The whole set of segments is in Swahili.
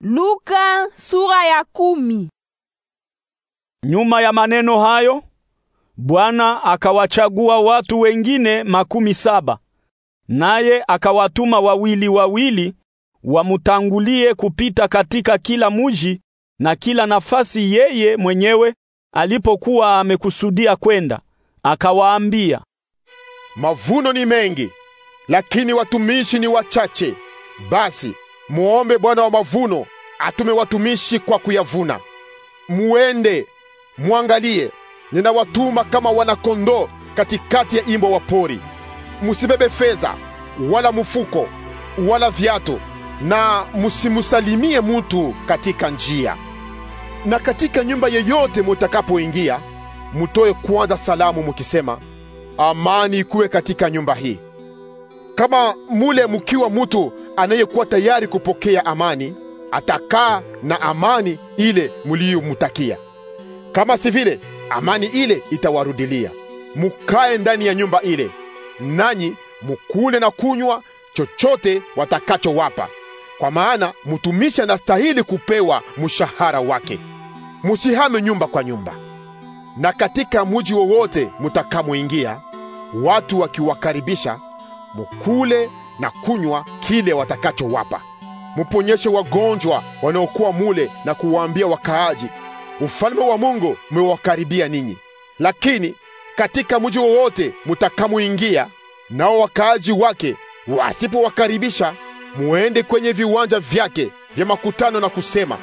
Luka sura ya kumi. Nyuma ya maneno hayo Bwana akawachagua watu wengine makumi saba naye akawatuma wawili wawili wamutangulie kupita katika kila muji na kila nafasi yeye mwenyewe alipokuwa amekusudia kwenda. Akawaambia, mavuno ni mengi, lakini watumishi ni wachache. Basi Muombe Bwana wa mavuno atume watumishi kwa kuyavuna. Muende mwangalie, ninawatuma kama wanakondoo katikati ya imbo wa pori. Musibebe fedha wala mfuko wala viatu, na musimusalimie mutu katika njia. Na katika nyumba yeyote mutakapoingia, mutoe kwanza salamu mukisema, amani ikuwe katika nyumba hii. Kama mule mukiwa mutu anayekuwa tayari kupokea amani atakaa na amani ile mliyomtakia. Kama si vile, amani ile itawarudilia. Mukae ndani ya nyumba ile, nanyi mukule na kunywa chochote watakachowapa, kwa maana mtumishi anastahili kupewa mshahara wake. Musihame nyumba kwa nyumba. Na katika muji wowote mutakamoingia, watu wakiwakaribisha, mukule na kunywa kile watakachowapa. Muponyeshe wagonjwa wanaokuwa mule na kuwaambia wakaaji, ufalme wa Mungu umewakaribia ninyi. Lakini katika mji wowote mutakamuingia, nao wakaaji wake wasipowakaribisha, muende kwenye viwanja vyake vya makutano na kusema,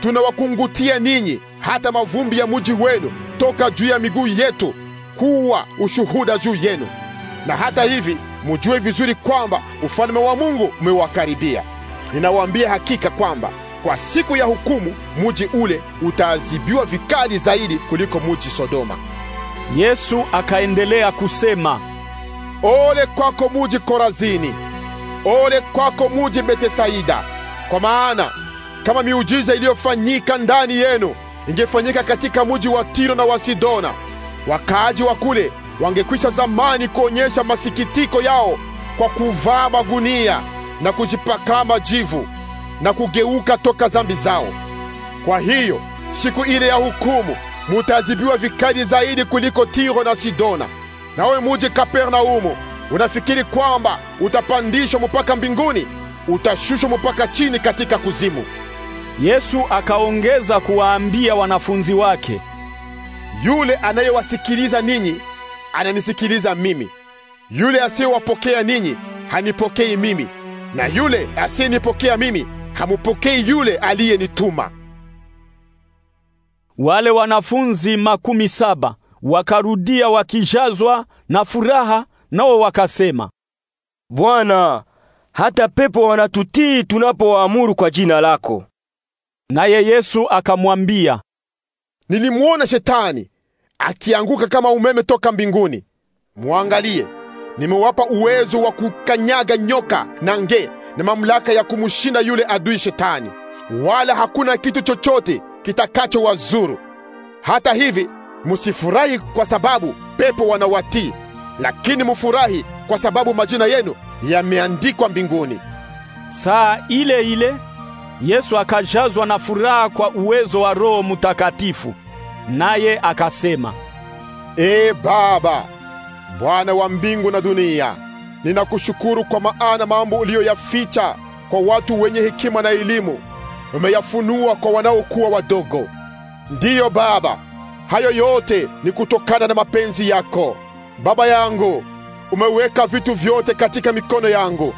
tunawakungutia ninyi hata mavumbi ya mji wenu toka juu ya miguu yetu, kuwa ushuhuda juu yenu. Na hata hivi mujue vizuri kwamba ufalme wa Mungu umewakaribia. Ninawaambia hakika kwamba kwa siku ya hukumu muji ule utaadhibiwa vikali zaidi kuliko muji Sodoma. Yesu akaendelea kusema, ole kwako muji Korazini, ole kwako muji Betesaida, kwa maana kama miujiza iliyofanyika ndani yenu ingefanyika katika muji wa Tiro na wa Sidona, wakaaji wa kule wangekwisha zamani kuonyesha masikitiko yao kwa kuvaa magunia na kujipaka majivu na kugeuka toka zambi zao. Kwa hiyo siku ile ya hukumu mutaadhibiwa vikali zaidi kuliko Tiro na Sidona. Nawe muji Kapernaumu, unafikiri kwamba utapandishwa mpaka mbinguni? Utashushwa mpaka chini katika kuzimu. Yesu akaongeza kuwaambia wanafunzi wake, yule anayewasikiliza ninyi ananisikiliza mimi. Yule asiyewapokea ninyi hanipokei mimi, na yule asiyenipokea mimi hamupokei yule aliyenituma. Wale wanafunzi makumi saba wakarudia wakijazwa na furaha, nao wakasema, Bwana, hata pepo wanatutii tunapowaamuru kwa jina lako. Naye Yesu akamwambia, nilimwona Shetani akianguka kama umeme toka mbinguni. Mwangalie, nimewapa uwezo wa kukanyaga nyoka na nge na mamlaka ya kumshinda yule adui Shetani, wala hakuna kitu chochote kitakachowazuru. Hata hivi musifurahi kwa sababu pepo wanawatii, lakini mufurahi kwa sababu majina yenu yameandikwa mbinguni. Saa ile ile Yesu akajazwa na furaha kwa uwezo wa Roho Mutakatifu naye akasema, Ee Baba, Bwana wa mbingu na dunia, ninakushukuru kwa maana mambo uliyoyaficha kwa watu wenye hekima na elimu umeyafunua kwa wanaokuwa wadogo. Ndiyo Baba, hayo yote ni kutokana na mapenzi yako. Baba yangu, umeweka vitu vyote katika mikono yangu.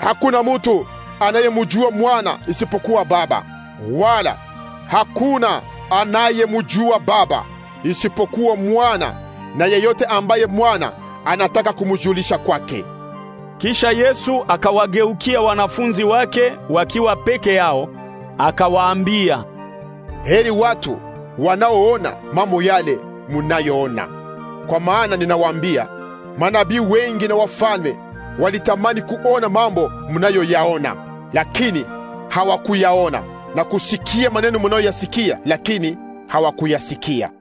Hakuna mutu anayemjua mwana isipokuwa Baba, wala hakuna anayemjua Baba isipokuwa mwana na yeyote ambaye mwana anataka kumjulisha kwake. Kisha Yesu akawageukia wanafunzi wake wakiwa peke yao, akawaambia, heri watu wanaoona mambo yale munayoona, kwa maana ninawaambia, manabii wengi na wafalme walitamani kuona mambo munayoyaona, lakini hawakuyaona na kusikia maneno munayoyasikia, lakini hawakuyasikia.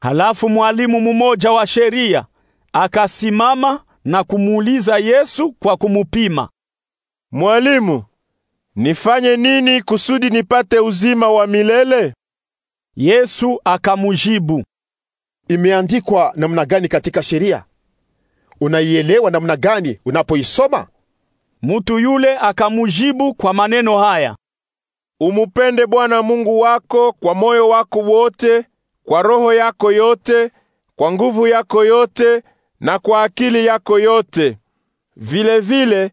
Halafu mwalimu mmoja wa sheria akasimama na kumuuliza Yesu kwa kumupima, Mwalimu, nifanye nini kusudi nipate uzima wa milele? Yesu akamujibu, imeandikwa namna gani katika sheria? Unaielewa namna gani unapoisoma? Mutu yule akamujibu kwa maneno haya: Umupende Bwana Mungu wako kwa moyo wako wote, kwa roho yako yote, kwa nguvu yako yote na kwa akili yako yote. Vile vile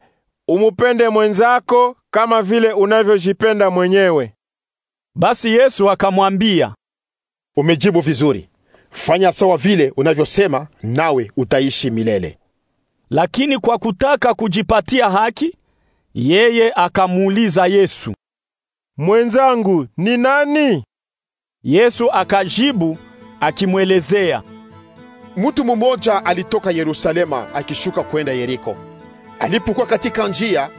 umupende mwenzako kama vile unavyojipenda mwenyewe. Basi Yesu akamwambia, Umejibu vizuri. Fanya sawa vile unavyosema nawe utaishi milele. Lakini kwa kutaka kujipatia haki, yeye akamuuliza Yesu, mwenzangu ni nani? Yesu akajibu akimwelezea, mtu mmoja alitoka Yerusalema akishuka kwenda Yeriko. Alipokuwa katika njia,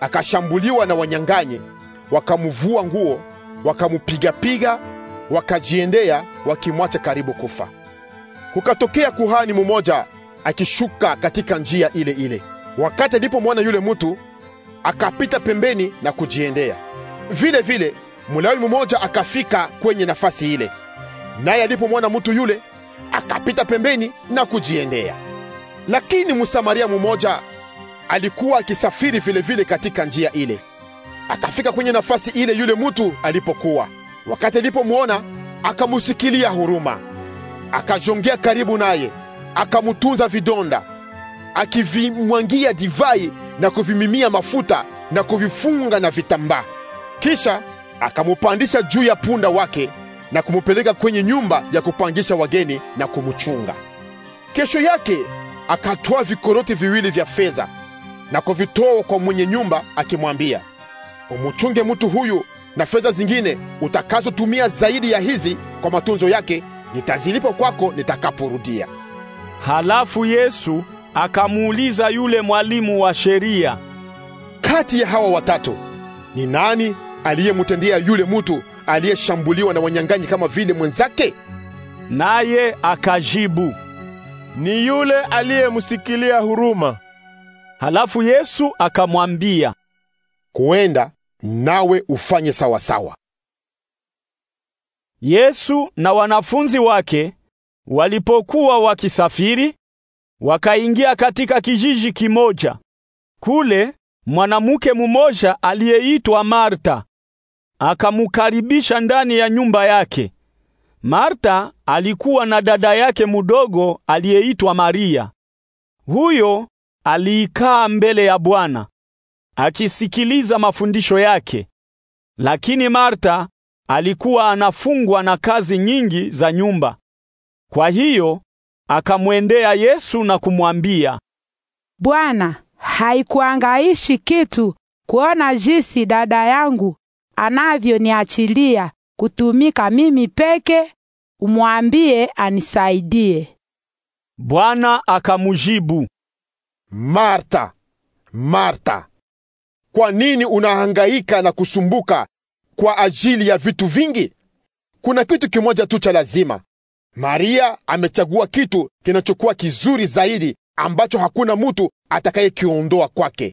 akashambuliwa na wanyang'anyi, wakamvua nguo, wakamupiga-piga, wakajiendea wakimwacha karibu kufa. Kukatokea kuhani mmoja akishuka katika njia ile ile. Wakati alipomwona yule mtu, akapita pembeni na kujiendea. Vile vile Mulawi mmoja akafika kwenye nafasi ile, naye alipomwona mtu yule, akapita pembeni na kujiendea. Lakini Msamaria mmoja alikuwa akisafiri vile vile katika njia ile, akafika kwenye nafasi ile yule mtu alipokuwa. Wakati alipomwona, akamusikilia huruma, akajongea karibu naye akamutunza vidonda, akivimwangia divai na kuvimimia mafuta na kuvifunga na vitambaa. Kisha akamupandisha juu ya punda wake na kumupeleka kwenye nyumba ya kupangisha wageni na kumchunga. Kesho yake akatoa vikoroti viwili vya fedha na kuvitoa kwa mwenye nyumba, akimwambia, umuchunge mtu huyu, na fedha zingine utakazotumia zaidi ya hizi kwa matunzo yake nitazilipa kwako nitakaporudia. Halafu Yesu akamuuliza yule mwalimu wa sheria, kati ya hawa watatu ni nani aliyemutendea yule mtu aliyeshambuliwa na wanyang'anyi kama vile mwenzake? Naye akajibu, ni yule aliyemsikilia huruma. Halafu Yesu akamwambia, kuenda nawe ufanye sawa sawa Yesu na wanafunzi wake Walipokuwa wakisafiri, wakaingia katika kijiji kimoja. Kule mwanamke mmoja aliyeitwa Marta akamkaribisha ndani ya nyumba yake. Marta alikuwa na dada yake mdogo aliyeitwa Maria. Huyo aliikaa mbele ya Bwana akisikiliza mafundisho yake. Lakini Marta alikuwa anafungwa na kazi nyingi za nyumba. Kwa hiyo akamwendea Yesu na kumwambia, Bwana, haikuangaishi kitu kuona jinsi dada yangu anavyoniachilia kutumika mimi peke, umwambie anisaidie. Bwana akamjibu, Marta, Marta, kwa nini unahangaika na kusumbuka kwa ajili ya vitu vingi? Kuna kitu kimoja tu cha lazima, Maria amechagua kitu kinachokuwa kizuri zaidi ambacho hakuna mtu atakayekiondoa kwake.